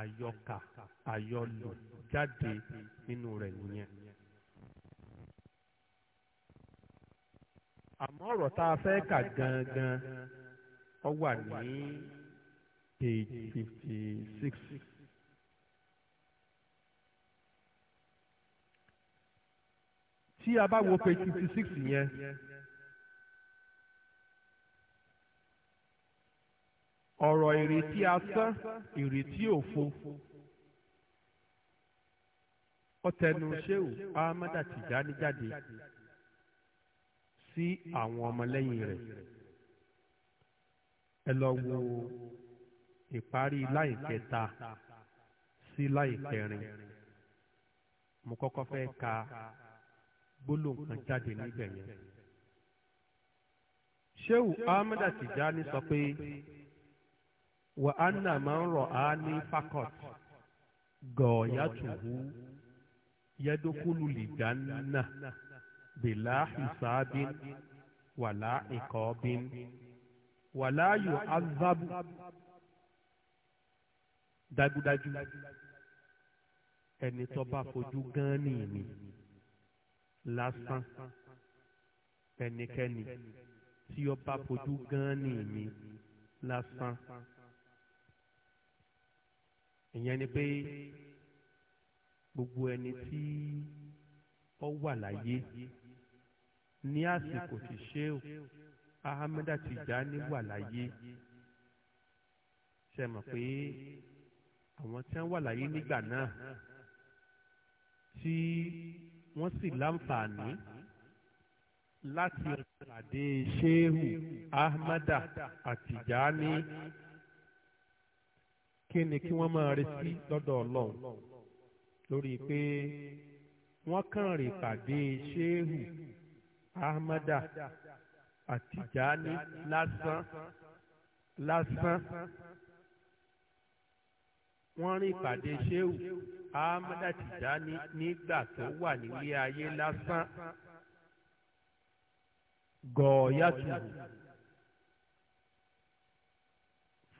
ayọka àyọlò jáde nínú rẹ̀ nìyẹn. àmọ́ ọ̀rọ̀ tá a fẹ́ kà gangan ó wà ní page fifty six. tí a bá wo page fifty six yẹn. ọ̀rọ̀ ìrètí asán ìrètí òfo ọtẹnu sheu ahmada tijani jáde sí àwọn ọmọlẹ́yìn rẹ̀ ẹ lọ wo ìparí láì kẹta sí láì kẹrin mo kọ́kọ́ fẹ́ ka gbólóhùn kan jáde níbẹ̀ yẹn sheu ahmada tijani sọ pé wà á nà máa ń rọ̀ á ní fakọt gọ̀ọ́yàtùhù yẹ́dókòlù lìjánà bìlà ìsáábìn wàlà ìkọ́bìn wàlà yóò azábù dájúdájú ẹni tó bá fojú gan ní ìní lásán ẹnikẹ́ni tí ó bá fojú gan ní ìní lásán ìyẹn ni pé gbogbo ẹni tí ó wà láyé ní àsìkò tí Shehu Ahmed Tijani wà láyé ṣe mọ̀ pé àwọn tí wọ́n wà láyé nígbà náà tí wọ́n sì láǹfààní láti ọ̀pọ̀lọpọ̀ àdé Shehu Ahmed Tijani kí ni kí wọ́n máa retí lọ́dọ̀ ọlọ́run lórí pé wọ́n kàn rè pàdé ṣéhù ahmada àtìjáni lásán lásán wọ́n rí ìpàdé ṣéhù ahmada tìjáni nígbà tó wà nílé ayé lásán gọ̀ọ́yàtùrù.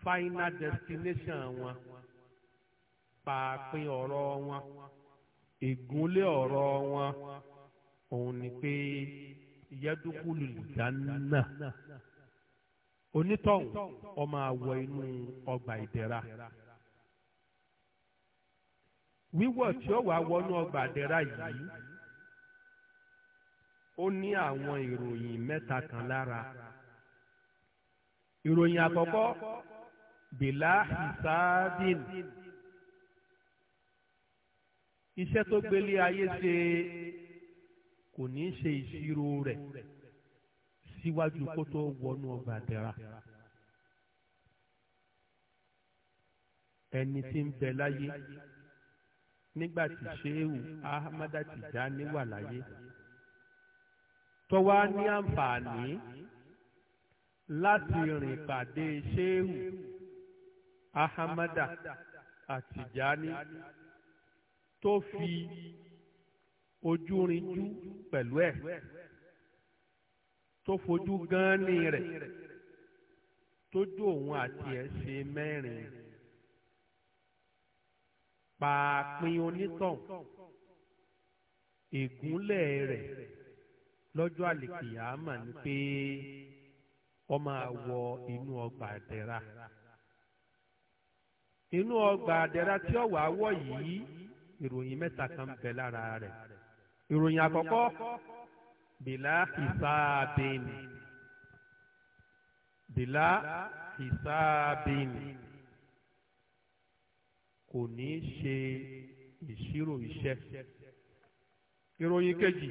final destination wọn pàápín ọ̀rọ̀ wọn ìgúnlé ọrọ wọn òun ni pé yẹ́dúkúlù dáná onítọ̀hún ọmọ àwọ̀ inú ọgbà ìdẹ̀ra wíwọ̀ tí ó wà wọnú ọgbà ìdẹ̀ra yìí ó ní àwọn ìròyìn mẹ́ta kan lára ìròyìn àkọ́kọ́ bìlá ìsáábìn iṣẹ́ tó gbélé ayé ṣe kò ní í ṣe ìṣirò rẹ̀ síwájú kó tó wọnú ọgbà àdẹ́ra. ẹni tí ń bẹ láyé nígbà tí Ṣéhù Ahmada Tijani wà láyé tó ní àǹfààní láti rìn pàdé Ṣéhù ahamada àtìjáni tó fi ojúrinjú pẹ̀lú ẹ̀ tó fojú gánni rẹ̀ tójú òun àti ẹ̀ ṣe mẹ́rin pàápín onítàn ègúnlẹ̀ rẹ̀ lọ́jọ́ àlèkìyàmà ni pé ọmọ àwọ inú ọgbà àdẹ́ra inú ọgbà àdẹ́ra tí ọ̀wà wọ̀ yìí ìròyìn mẹ́ta kan bẹ lára rẹ̀ ìròyìn àkọ́kọ́ bìlá ìsáàbìn bìlá ìsáàbìn kò ní í ṣe ìṣirò iṣẹ́ ìròyìn kejì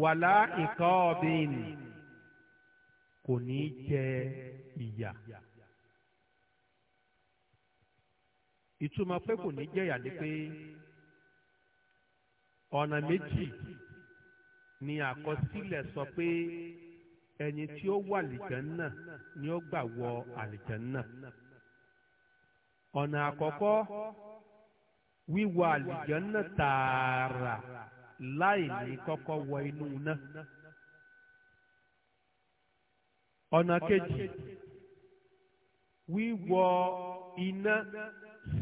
wàlá ìkọ́ọ̀bìn kò ní í jẹ ìtumọ̀ pé kò ní jẹ̀yà ni pé ọ̀nà méjì ni àkọsílẹ̀ sọ pé ẹni tí ó wà àlìjánná ni ó gbà wọ àlìjánná ọ̀nà àkọ́kọ́ wíwọ àlìjánná tààrà láì ní kọ́kọ́ wọ inú iná ọ̀nà kejì wíwọ iná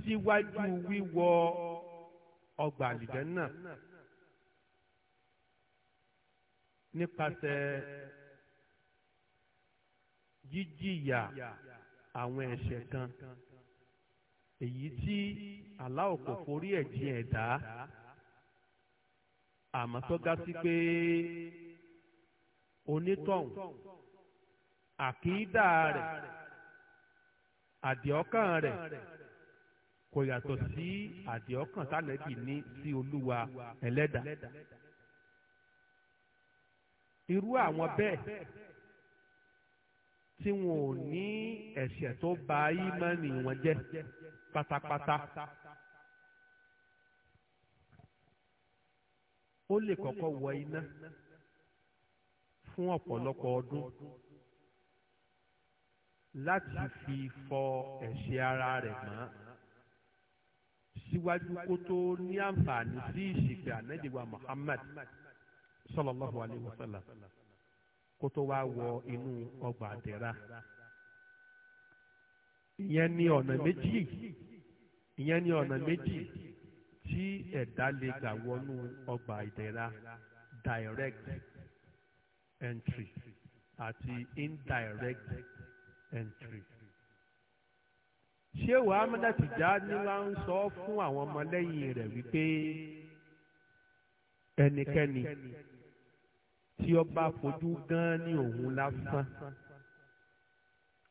síwájú wíwọ ọgbà àlìjẹ́nà nípasẹ̀ jíjìyà àwọn ẹ̀ṣẹ̀ kan èyí tí Allah kò forí ẹ̀ jì ẹ̀dá àmọ́ tó ga sí pé onítọ̀hún àkídà rẹ̀ àdìọ́kàn rẹ̀ kò yàtọ̀ sí àdìọ́kàn tánẹ́bì ní sí olúwa ẹlẹ́dà irú àwọn bẹ́ẹ̀ tí wọn ò ní ẹ̀ṣẹ̀ tó bà ímánì wọn jẹ́ pátápátá ó lè kọ́kọ́ wọ iná fún ọ̀pọ̀lọpọ̀ ọdún láti fi fọ ẹ̀ṣẹ̀ ara rẹ̀ mọ́ síwájú koto tó ní àǹfààní sí ìṣìpẹ̀ ànẹ́dìwà Muhammad sallallahu alayhi wa sallam koto wa wá wọ inú ọgbà àdẹ́rà ìyẹn ní ọ̀nà méjì ìyẹn ní ọ̀nà méjì tí ẹ̀dá lè gbà wọnú ọgbà ìdẹ̀ra direct entry àti indirect entry ṣéwù amúdá Tìjání wá ń sọ fún àwọn ọmọlẹ́yìn rẹ̀ wípé ẹnikẹ́ni tí ó bá fojú gan ní òun lásán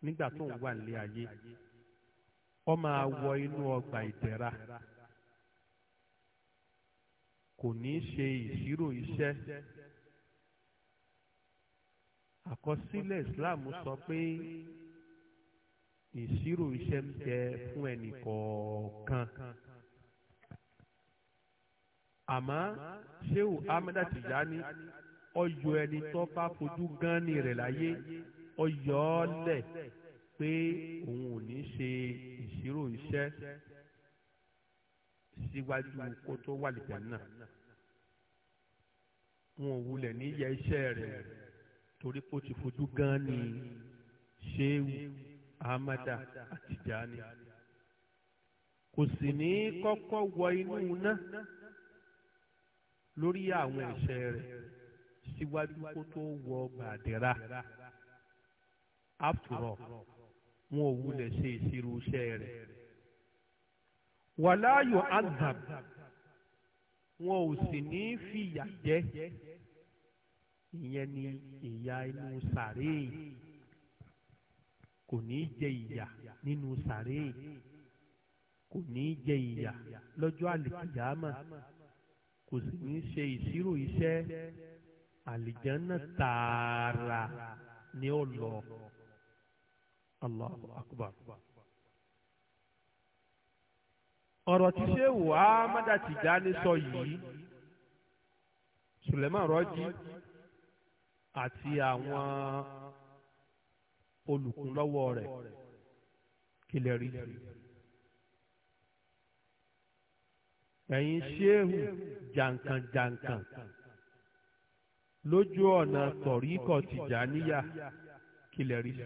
nígbà tó ń wà nílé ayé ó máa wọ inú ọgbà ìdẹ̀ra kò ní ṣe ìṣirò iṣẹ́ àkọsílẹ̀ Islam sọ pé ìṣirò iṣẹ́ ń bẹ fún ẹnì kọ̀ọ̀kan àmọ́ ṣéwù amada tìjáni ọyọ ẹni tó bá fojú gánni rẹ̀ láyé ọyọ ọ lẹ̀ pé òun ò ní ṣe ìṣirò iṣẹ́ síwájú kó tó wà lìjẹ́ náà wọn ò wulẹ̀ ní iṣẹ́ rẹ̀ torí pé ó ti fojú gánni ṣéwù. ahmada àtijani kò sì ní kọ́kọ́ wọ inú iná lórí àwọn ẹ̀ṣẹ̀ rẹ̀ síwájú kó tó wọ gbàdéra after wọn ò wulẹ̀ ṣe ìṣirò iṣẹ́ rẹ̀ wà wàláyò azab wọn ò sì ní fìyà jẹ ìyẹn ni ìyà inú sàréè. kò ní í jẹ ìyà nínú sàréè kò ní í jẹ ìyà lọ́jọ́ àlìkìyàmà kò sì ní í ṣe ìṣirò iṣẹ́ àlìjánná tààrà ni ó lọ Allahu Akbar. ọ̀rọ̀ tí sẹ́wù Ahmada Tijani sọ yìí Suleiman Rọ́jí àti àwọn. olùkún lọ́wọ́ rẹ̀ kí lè rí sí. ẹ̀yin ṣéhù jàǹkànjàǹkàn lójú ọ̀nà tọ̀ríkọ̀ tìjàníyà kí lè rí sí.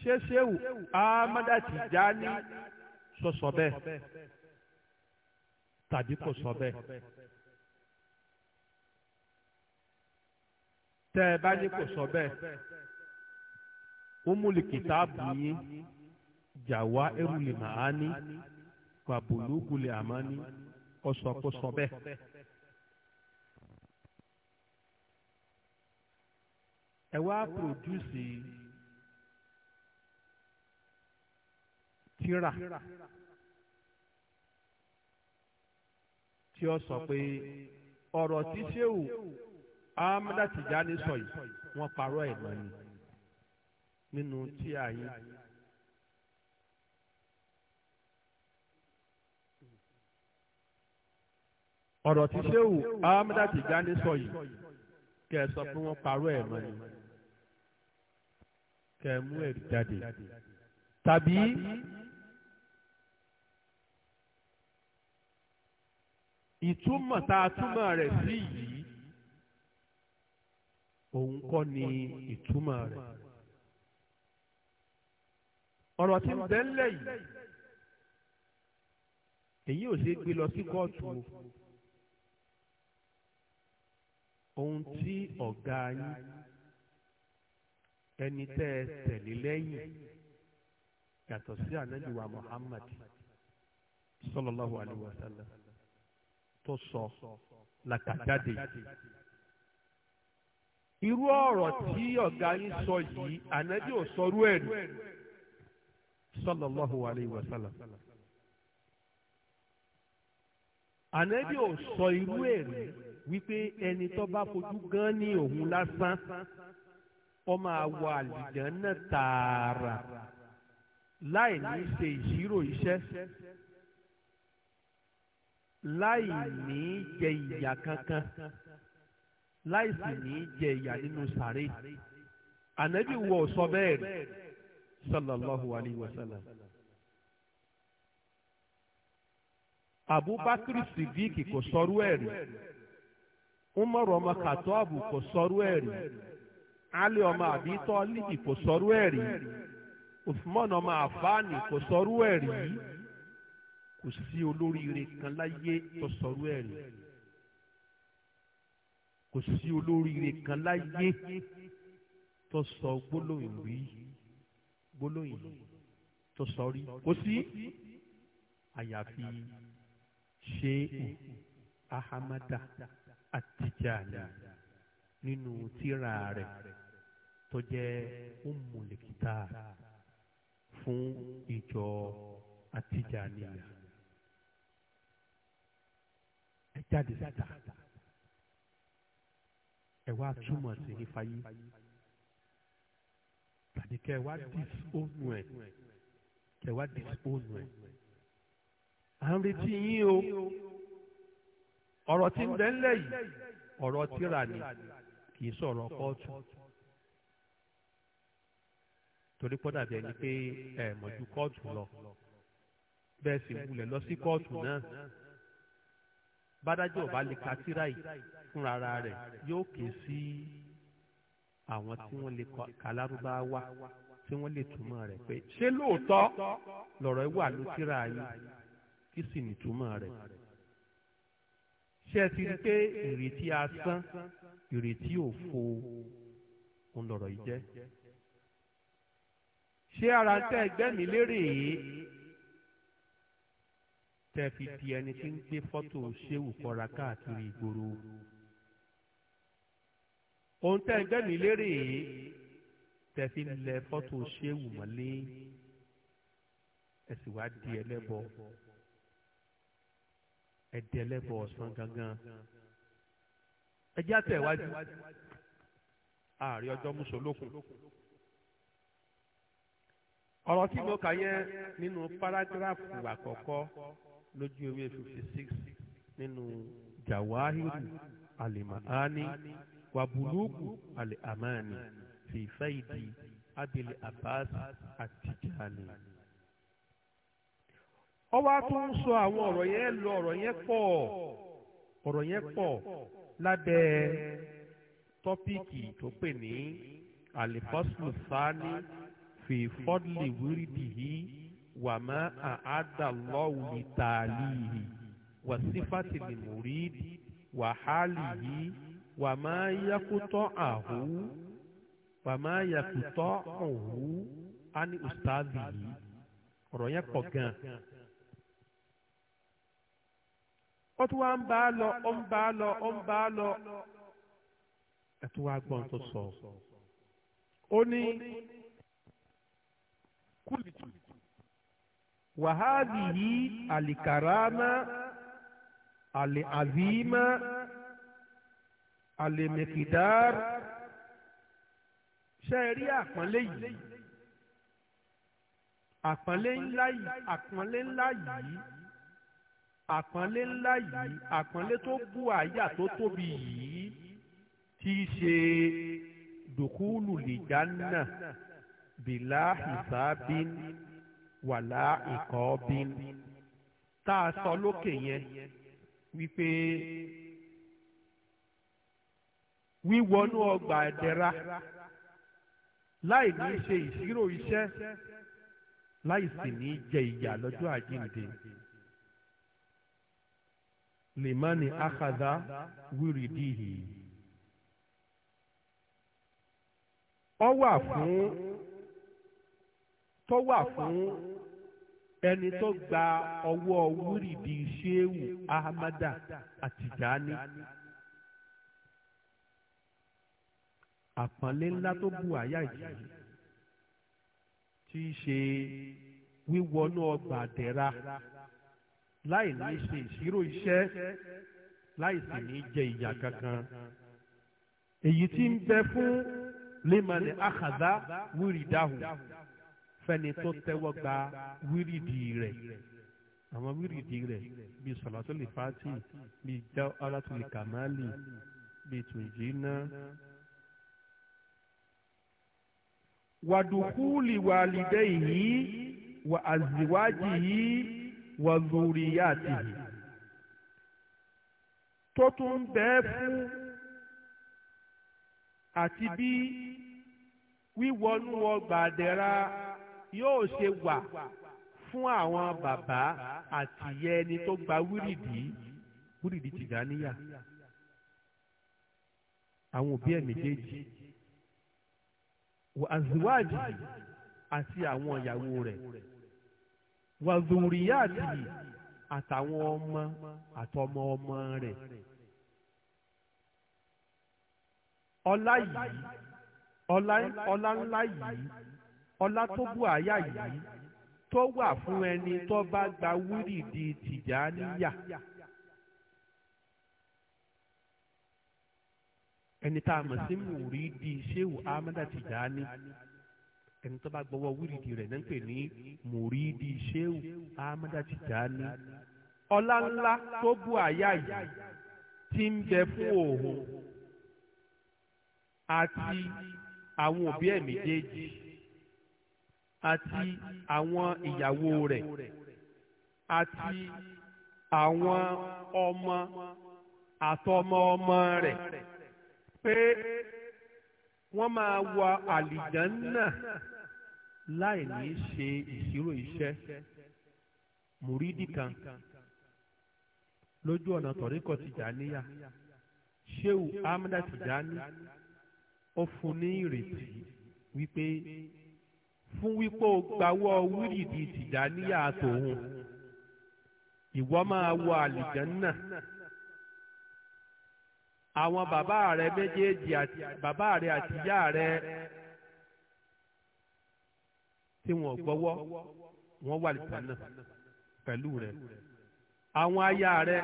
ṣé ṣéhù ahmada tìjání sọ sọ bẹ́ẹ̀ tàbí kò sọ bẹ́ẹ̀. tẹ́ ẹ bá ní kò sọ bẹ́ẹ̀ umul kitaabu yín jàwá erulè màání gbàbùlùkulè àmání ọ̀sọ̀ kò sọ bẹ́ẹ̀. ẹ wá pòdúsì tíra tí ó sọ pé ọ̀rọ̀ tí ṣéwù. Ahmad Tijani sọ yìí wọ́n parọ́ ẹ̀ mọ́ ni nínú tí a yín. ọ̀rọ̀ tí Ṣéwù Ahmad Tijani sọ yìí kẹ́ ẹ sọ pé wọ́n parọ́ ẹ̀ mọ́ ni kẹ́ ẹ mú ẹ̀rí jáde tàbí. ìtumọ̀ tá a túmọ̀ rẹ̀ sí yìí òun kọ́ ni ìtumọ̀ rẹ̀ ọ̀rọ̀ tí ń bẹ ńlẹ̀ yìí èyí ò ṣe gbé lọ sí kóòtù o ohun tí ọ̀gá yín ẹni tẹ́ ẹ tẹ̀lé lẹ́yìn yàtọ̀ sí ànábì Muhammad sallallahu alayhi tó sọ làkàjáde. irú ọ̀rọ̀ tí ọ̀gá yín sọ yìí ànábì ò sọrú ẹ̀ nù sallallahu alayhi wa sallam ànábì ò sọ irú ẹ̀ rí wípé ẹni tó bá fojú gan ní òun lásán ó máa wọ náà tààrà láì ní ṣe ìṣirò iṣẹ́ láì ní jẹ ìyà kankan. láìsí ní jẹ ìyà nínú sàré ànábì wọ sọ bẹ́ẹ̀ rí sallallahu alayhi wa sallam. abubakar sidik kò sọrú ẹ̀ rí umar ọmọ katọ́ọ̀bù kò sọrú ẹ̀ rí ali ọmọ àbí tọ́lìbì kò sọrú ẹ̀ rí usman ọmọ afani kò sọrú ẹ̀ rí kò sí olóríire kan láyé tó sọrú ẹ̀ rí kò sí olóríire kan láyé tó sọ gbólóhùn rí gbólóhùn tó sọ rí kò sí àyàfi ṣéhù ahamada àtijàlá nínú tírà rẹ̀ tó jẹ́ umulikita fún ìjọ àtijàníyà ẹ jáde síta ẹ wá túmọ̀ sí ní fáyé tàbí kẹ wá disónù ẹ kẹ wá disónù ẹ à ń retí yín o ọ̀rọ̀ tí ń bẹ ńlẹ̀ yìí ọ̀rọ̀ tíra ni kì í sọ̀rọ̀ kóòtù torí pọ́ dàbí ẹni pé ẹ mọ̀ ju kóòtù lọ bẹ́ẹ̀ sì wulẹ̀ lọ sí kóòtù náà bádájọ́ ò lè ka tíra yìí fúnra ara rẹ̀ yóò ké sí àwọn tí wọ́n lè kà lárúbáwá tí wọ́n lè túmọ̀ rẹ̀ pé ṣé lóòótọ́ lọ̀rọ̀ ẹ wà lókìrà yìí kí sì ní túmọ̀ rẹ̀ ṣé ẹ ti rí pé ìrètí asán ìrètí òfo ń lọ̀rọ̀ yìí jẹ́ ṣé ara ń tẹ́ mi lérè yìí tẹ́ fi di ẹni tí ń gbé fọ́tò ṣéwù kọ́ra káàkiri ìgboro ohun tẹ́ ń gbẹ̀mí lérè tẹ̀fi lẹ fọ́tò ṣéwù mọ́lé ẹ̀sìn wá di ẹlẹ́bọ ẹ̀dẹ̀ ẹlẹ́bọ ọ̀sán gangan ẹjẹ́ àtẹ̀wájú ààrẹ ọjọ́ mùsùlùkùn ọ̀rọ̀ tí mo kà yẹn nínú párágíráfù àkọ́kọ́ lójú ewé fifty six nínú jawahiru alimahani wàbúlùkù àlè àmàní fi fẹ́ìdì abil abbas àtijani. ọwọ́ a tún ń sọ àwọn ọ̀rọ̀ yẹn lọ ọ̀rọ̀ yẹn pọ̀ ọ̀rọ̀ yẹn pọ̀ lábẹ́ tọ́píìkì tó pè ní alifaslu sani fi fọ́dùlì wírídìí wàmọ́ àádàlọ́wùlì tààlì wàsífàtìlì mùrídìí wàhálì yìí wàmá yakutọ́ àhú wàmá yakutọ́ ọ̀hú á ní ustaazi yìí ọ̀rọ̀ yẹn pọ̀ gan-an. ó tún wá ń bá a lọ ó ń bá a lọ ó ń bá a lọ ẹ tún wá gbọ́n tó sọ. ó ní kúlìtì wàhálì yìí àlìkàràmà àlìàzìmà alimikidar ṣe rí àpọ́nlé yìí àpọ́nlé ńlá yìí àpọ́nlé ńlá yìí àpọ́nlé ńlá yìí àpọ́nlé tó bú àyà tó tóbi yìí tí í ṣe dùkúlù lìjánà bìlá ìsábín wàlá ìkọ́bín tá a sọ lókè yẹn wípé wíwọnú ọgbà ẹ̀dẹ̀ra láì ní ṣe ìṣirò iṣẹ́ láì sì ní jẹ ìyà lọ́jọ́ àjíǹde limani akada wiridihi ọ wà fún tó wà fún ẹni tó gba ọwọ́ wírìdì ṣéwù ahmada àtìjáni. àpọ́nlé ńlá tó bu àyà yìí tí í ṣe wíwọnú ọgbà àdẹ́ra láì ní ṣe ìṣirò iṣẹ́ láì sì ní jẹ ìyà kankan èyí tí ń bẹ fún lemani akada wírídàhùn fẹ́ni tó tẹ́wọ́ gba wírídì rẹ̀ àwọn wírídì rẹ̀ bíi sọlátólì fati bíi jẹ ọlátólì kàmáàlì bíi tùjínà Wadukuli wàlìdẹ́yìí wà àzìwájìí wà zùrìyàtìí tó tún ń bẹ́ẹ̀ fún àti bí wíwọnú ọgbà àdẹ́ra yóò ṣe wà fún àwọn bàbá àtìyẹ ẹni tó gba wúrìdì wúrìdì tìgáníyà àwọn òbí ẹ̀ méjèèjì wà azuwájì àti àwọn ìyàwó rẹ̀ wà zùrìyàtì àtàwọn ọmọ àtọmọ ọmọ rẹ̀ ọlá yìí ọlá ọlá ńlá yìí ọlá tó bú àyà yìí tó wà fún ẹni tó bá gba wúrìdì tìjà níyà. ẹni tá a mọ̀ sí mùrídì Ṣéhù Ahmada Tijani ẹni tó bá gbọ́wọ́ wíìrìdì rẹ̀ náà ń pè ní mùrídì Ṣéhù Ahmada Tijani ọlá ńlá tó bú àyà yìí ti ń bẹ fún òun àti àwọn òbí ẹ̀ méjèèjì àti àwọn ìyàwó rẹ̀ àti àwọn ọmọ àtọmọ ọmọ rẹ̀ pé wọ́n máa wọ àlìjánná láì ní ṣe ìṣirò iṣẹ́ mùrídì kan lójú ọ̀nà tọ̀ríkọ̀ Tìjàníyà Shehu Ahmada Tìjàní ó fún ní ìrètí wípé fún wípé ó gbawọ́ wíìdì Tìjàníyà tòun ìwọ máa wọ àlìjánná àwọn bàbá rẹ méjèèjì àti bàbá rẹ àti ìyá rẹ tí wọn gbọ́wọ́ wọn wà lìtàn náà pẹ̀lú rẹ àwọn aya rẹ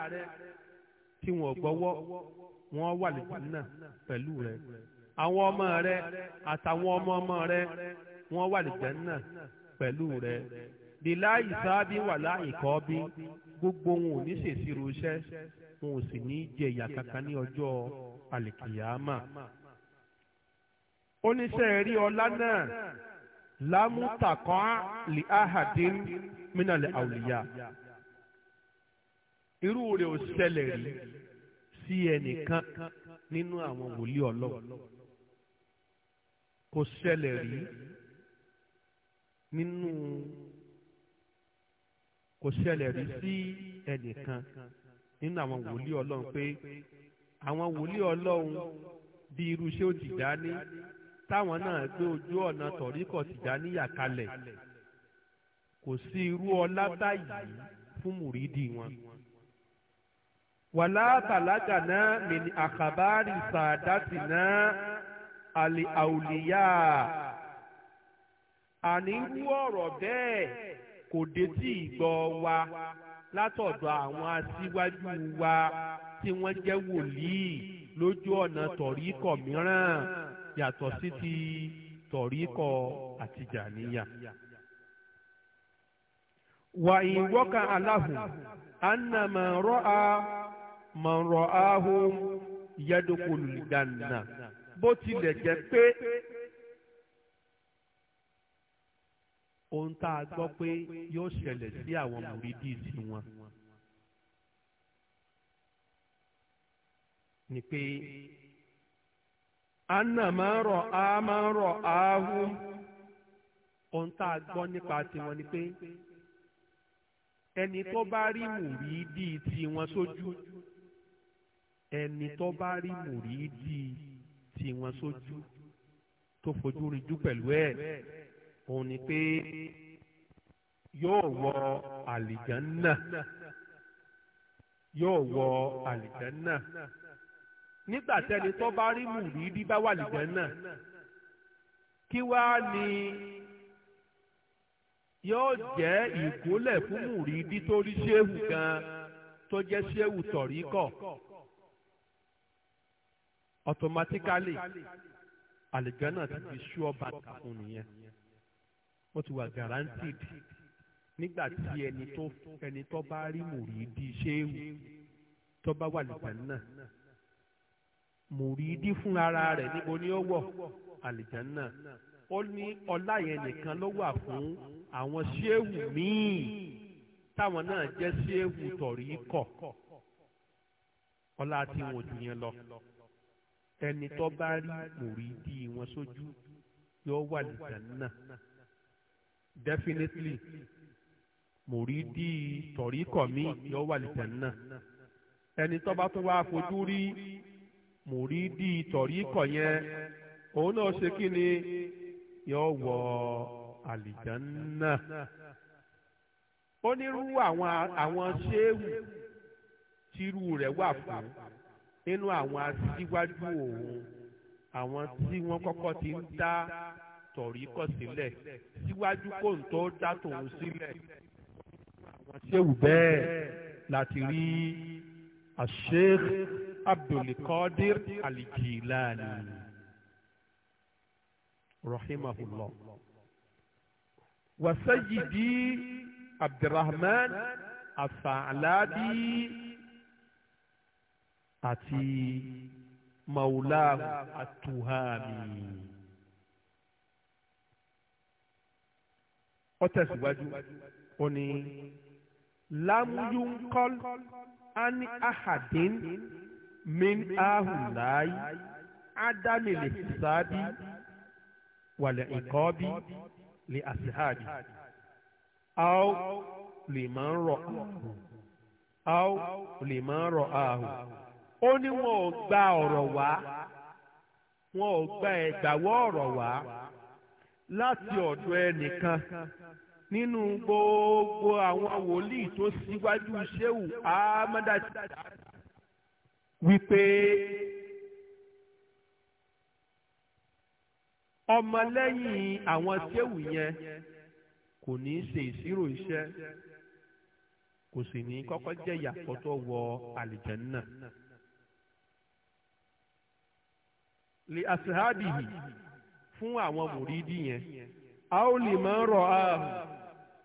tí wọn gbọ́wọ́ wọn wà lìtàn náà pẹ̀lú rẹ àwọn ọmọ rẹ àtàwọn ọmọ ọmọ rẹ wọn wà lìtàn náà pẹ̀lú rẹ bìláyìí sáábì wà láyìí kọ́ bí gbogbo wọn ò ní ṣèṣirò iṣẹ́ wọn ò sì ní jẹ ìyà kankan ní ọjọ́ àlìkìyàmà. oníṣẹ́ rí ọlá náà lámútàkọ́ lè áhàdín mínàlẹ̀ àwùlíyà irú rẹ̀ ò ṣẹlẹ̀ rí sí ẹnìkan nínú àwọn wòlíì ọlọ́run kò ṣẹlẹ̀ rí nínú kò ṣẹlẹ̀ rí sí ẹnìkan nínú àwọn wòlíì ọlọ́run pé àwọn wòlíì ọlọ́run bí irú ṣé ó Tìjání táwọn náà gbé ojú ọ̀nà tọ̀ríkọ̀ Tìjání yà kalẹ̀ kò sí irú ọlá báyìí fún mùrídìí wọn. wàlá bàlágà náà mi ni àkàbárì sàdátì náà àlè àwòlíyà àní irú ọ̀rọ̀ bẹ́ẹ̀. kò dé tí ìgbọ́ wa látọ̀dọ̀ àwọn aṣíwájú wa tí wọ́n jẹ́ wòlíì lójú ọ̀nà tọ̀ríkọ̀ mìíràn yàtọ̀ sí ti tọ̀ríkọ̀ àtìjàníyà. wà ìwọ́ka aláhùn anna man ra'a man ra'ahum yadkhulul janna bó tilẹ̀ jẹ́ pé ohun tá a gbọ́ pé yóò ṣẹlẹ̀ sí àwọn mùrídì sí wọn ni pé anna máa ń rọ̀ á máa ń rọ̀ á hú ohun tá a gbọ́ nípa tiwọn ni pé ẹni tó bá rí mùrídì tiwọn sójú ẹni tó bá rí mùrídì tiwọn sójú tó fojú rinjú pẹ̀lú ẹ̀ òun ni pé yóò wọ àlìjánná yóò wọ àlìjánná nígbà tẹ́ni tó bá rí mùrídìí bá wà àlìjánná kí wá ni yóò jẹ́ ìgúnlẹ̀ fún mùrídìí tó rí ṣéwù gan tó jẹ́ ṣéwù tọ̀ríkọ̀ automatically àlìjánná ti fi ṣú ọba kà nìyẹn ó ti wà guaranteed nígbà tí ẹni tó ẹni tó bá rí mùrídìí ṣéwù tó bá wà lìjánná mùrídìí fún ara rẹ̀ níbo ni ó wọ̀ àlìjánná ó ní ọlá yẹn nìkan ló wà fún àwọn ṣéwù míì táwọn náà jẹ́ ṣéwù tọ̀rí kọ̀ ọlá tí wọn jù yẹn lọ ẹni tó bá rí mùrídìí wọn sójú yóò wà lìjánná definitely mòrídì tọ̀ríkọ̀ mi yóò wà lìtẹ̀ náà ẹni tó bá tún wá fojú rí mòrídì tọ̀ríkọ̀ yẹn òun náà ṣe kí ni yóò wọ àlìjánná onírú àwọn àwọn ṣéwù tírú rẹ̀ wà fún nínú àwọn aṣíwájú òun àwọn tí wọ́n kọ́kọ́ ti ń dá tọ̀rí kọ̀ sílẹ̀ síwájú kó ń tó dá tòun sílẹ̀ àwọn ṣéwù bẹ́ẹ̀ láti rí Sheikh Abdulkadir Al-Jilani rahimahullah wa sayyidi àti maulahu At-Tuhami. ó tẹ̀síwájú ó ní lámúyúńkọ́l ani ahadin min ahùláyé ádámìlì sábì wàlẹ̀ ìkọ́bí lè àṣìhàbì aw lè máa ń rọ ààhù aw lè máa ń rọ ààhù ó ní wọn ò gba ọ̀rọ̀ wá wọn ò gba ẹ̀gbàwọ́ ọ̀rọ̀ wá. láti ọ̀dọ̀ ẹnìkan nínú gbogbo àwọn wòlíì tó síwájú Ṣéhù Ahmadu wípé ọmọlẹ́yìn àwọn Ṣéhù yẹn kò ní í ṣe ìṣirò iṣẹ́ kò sì ní kọ́kọ́ jẹ́ ìyàtọ̀ tó wọ àlìjẹ́nnà li fún àwọn mùrídì yẹn a ó lè máa ń rọ ààrùn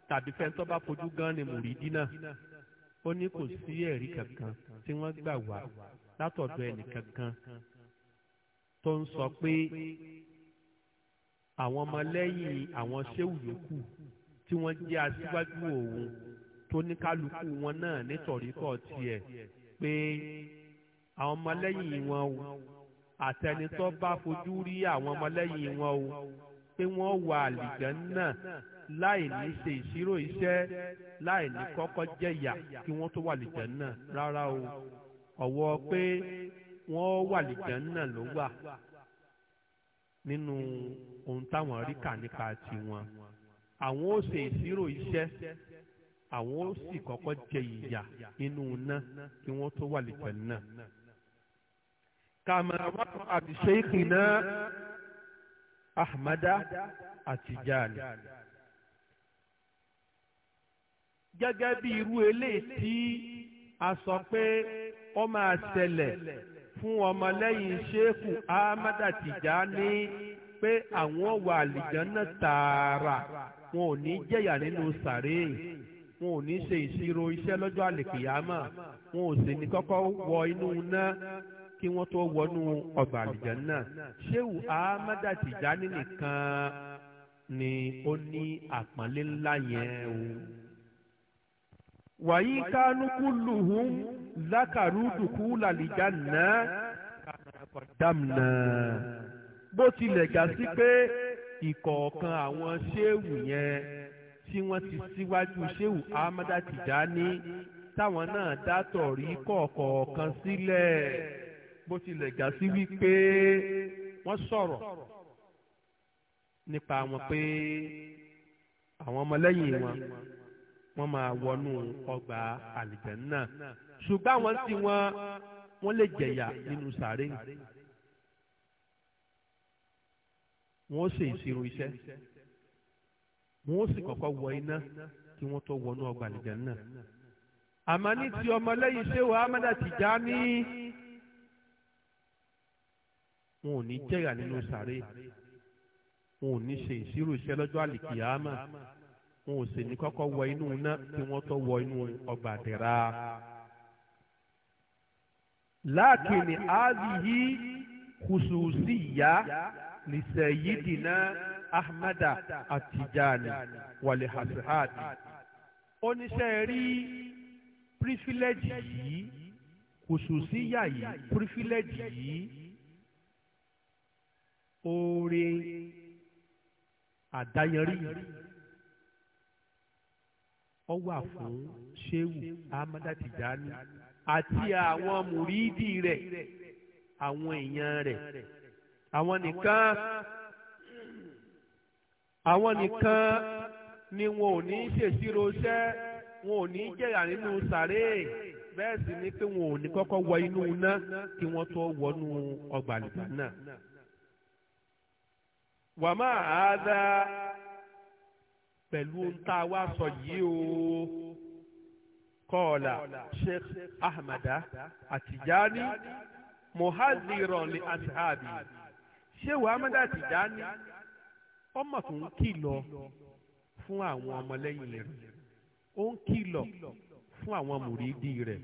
tàbí fẹ́ tó bá fojú gan ni mùrídì náà ó ní kò sí ẹ̀rí kankan tí wọ́n gbà wá látọ̀dọ̀ ẹnì kankan tó ń sọ pé àwọn ọmọlẹ́yìn àwọn ṣéwù yòókù tí wọ́n jẹ́ aṣíwájú òun tó ní kálukú wọn náà nítorí kọ́ tiẹ̀ pé àwọn ọmọlẹ́yìn wọn àtẹnitọ́ bá fojú rí àwọn ọmọlẹ́yìn wọn o pé wọ́n wà àlìjẹ́nnà láì ní ṣe ìṣirò iṣẹ́ láì ní kọ́kọ́ jẹ̀yà kí wọ́n tó wà àlìjẹ́nnà rárá o ọ̀wọ́ pé wọ́n wà àlìjẹ́nnà ló wà nínú ohun táwọn rí kà nípa tiwọn àwọn ó ṣe ìṣirò iṣẹ́ àwọn ó sì kọ́kọ́ jẹ ìyà nínú iná kí wọ́n tó wà àlìjẹ́nnà. kàmà wàkọ̀ àti sheikhina ahmada àtijani gẹ́gẹ́ bí irú eléyìí tí a sọ pé ó máa ṣẹlẹ̀ fún pé àwọn wà àlìjánná tààrà wọn ò ní jẹ̀yà nínú sàréè wọn ò ní ṣe ìṣirò iṣẹ́ lọ́jọ́ wọn ò sì ní kọ́kọ́ wọ inú kí wọ́n tó wọnú ọgbà àlìjánná ṣéwù ahmadu tìjáni nìkan ni ó ní àpọ́nlé ńlá yẹn o. wàyí kánúkú lùhùn zákàrú dùkú làlìjánná dámnà bó tilẹ̀ gà sí pé ìkọ̀ọ̀kan àwọn ṣéwù yẹn tí wọ́n ti síwájú ṣéwù ahmadu tìjáni táwọn náà dátọ̀ rí kọ̀ọ̀kọ̀ọ̀kan sílẹ̀. Si bó tilẹ̀ gà sí wípé wọ́n sọ̀rọ̀ nípa wọn pé àwọn ọmọlẹ́yìn wọn wọ́n máa wọnú ọgbà àlìjẹ́nnà ṣùgbọ́n àwọn tí wọ́n wọ́n lè jẹ̀yà nínú sàárè wọ́n ó ṣe ìṣirò iṣẹ́ wọ́n ó sì kọ́kọ́ wọ iná kí wọ́n tó wọnú ọgbà àlìjẹ́nnà àmọ́ ní ti ọmọlẹ́yìn ṣé wàá mẹ́ta tìjà ní wọn ò ní jẹ́yà nínú sàré wọn ò ní ṣe ìṣirò iṣẹ́ lọ́jọ́ àlìkìyàmà wọn ò sì ní kọ́kọ́ wọ inú iná kí wọ́n tó wọ inú ọgbà àdẹ̀rà. láàkìnì àdìyí kùsùsì ìyá nìṣẹ̀yídìínà ahmada àtijani wàlẹ̀ hasihadi. oníṣẹ́ rí pírífílẹ́jì yìí kùsùsì ìyá yìí pírífílẹ́jì yìí oore àdáyẹrí ó wà fún Ṣéwù Ahmada Tijani àti àwọn mùrídìí rẹ̀ àwọn èèyàn rẹ̀ àwọn nìkan àwọn nìkan ni wọn ò ní ṣèṣirò iṣẹ́ wọn ò ní jẹ̀yà nínú sàréè bẹ́ẹ̀ sì ni pé wọn ò ní kọ́kọ́ wọ inú iná kí wọ́n tó wọnú ọgbà náà wà má àádá pẹ̀lú ohun tá a wá sọ yìí o kọ́ọ̀là sheikh ahmada àtijani muhaziran li ashabi sheikh ahmada àtijani ọmọ tó ń kìlọ̀ fún àwọn ọmọlẹ́yìn rẹ̀ ó ń kìlọ̀ fún àwọn mùrídì rẹ̀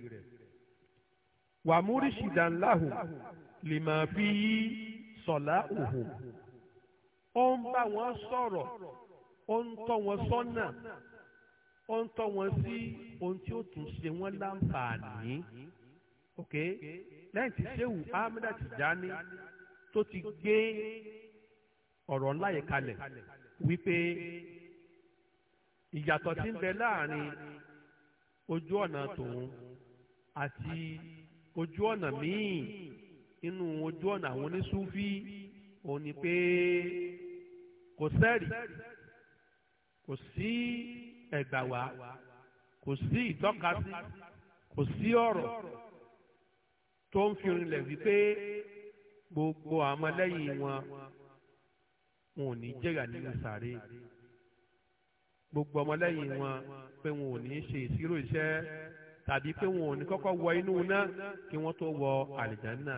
wàmúrísìdánláhùn lè máa fi yí sọ̀lá òhùn ó ń bá wọn sọ̀rọ̀ ó ń tọ́ wọn sọ́nà ó ń tọ́ wọn sí ohun tí ó tún ṣe wọ́n láǹfààní ok lẹ́yìn tí sehu ahmed Tijani tó ti gbé ọ̀rọ̀ ńlá yìí kalẹ̀ wípé ìyàtọ̀ tí ń bẹ láàrin ojú ọ̀nà tòun àti ojú ọ̀nà míì nínú ojú ọ̀nà àwọn onísúfí òun ni pé kò sẹ́rì kò sí ẹ̀gbà wá kò sí ìtọ́kasí kò sí ọ̀rọ̀ tó ń fi rinlẹ̀ wípé gbogbo àmọ́lẹ́yìn wọn wọn ò ní jẹ́yà nínú sàárè gbogbo ọmọlẹ́yìn wọn pé wọn ò ní ṣe ìṣirò iṣẹ́ tàbí pé wọn ò ní kọ́kọ́ wọ inú iná kí wọ́n tó wọ àlìjánnà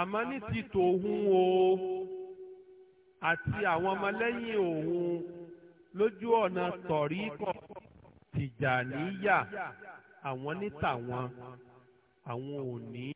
àmọ́ ní ti tòun o àti àwọn ọmọlẹ́yìn òun lójú ọ̀nà tọ̀ríkọ̀ tìjàníyà àwọn ní tàwọn àwọn ò ní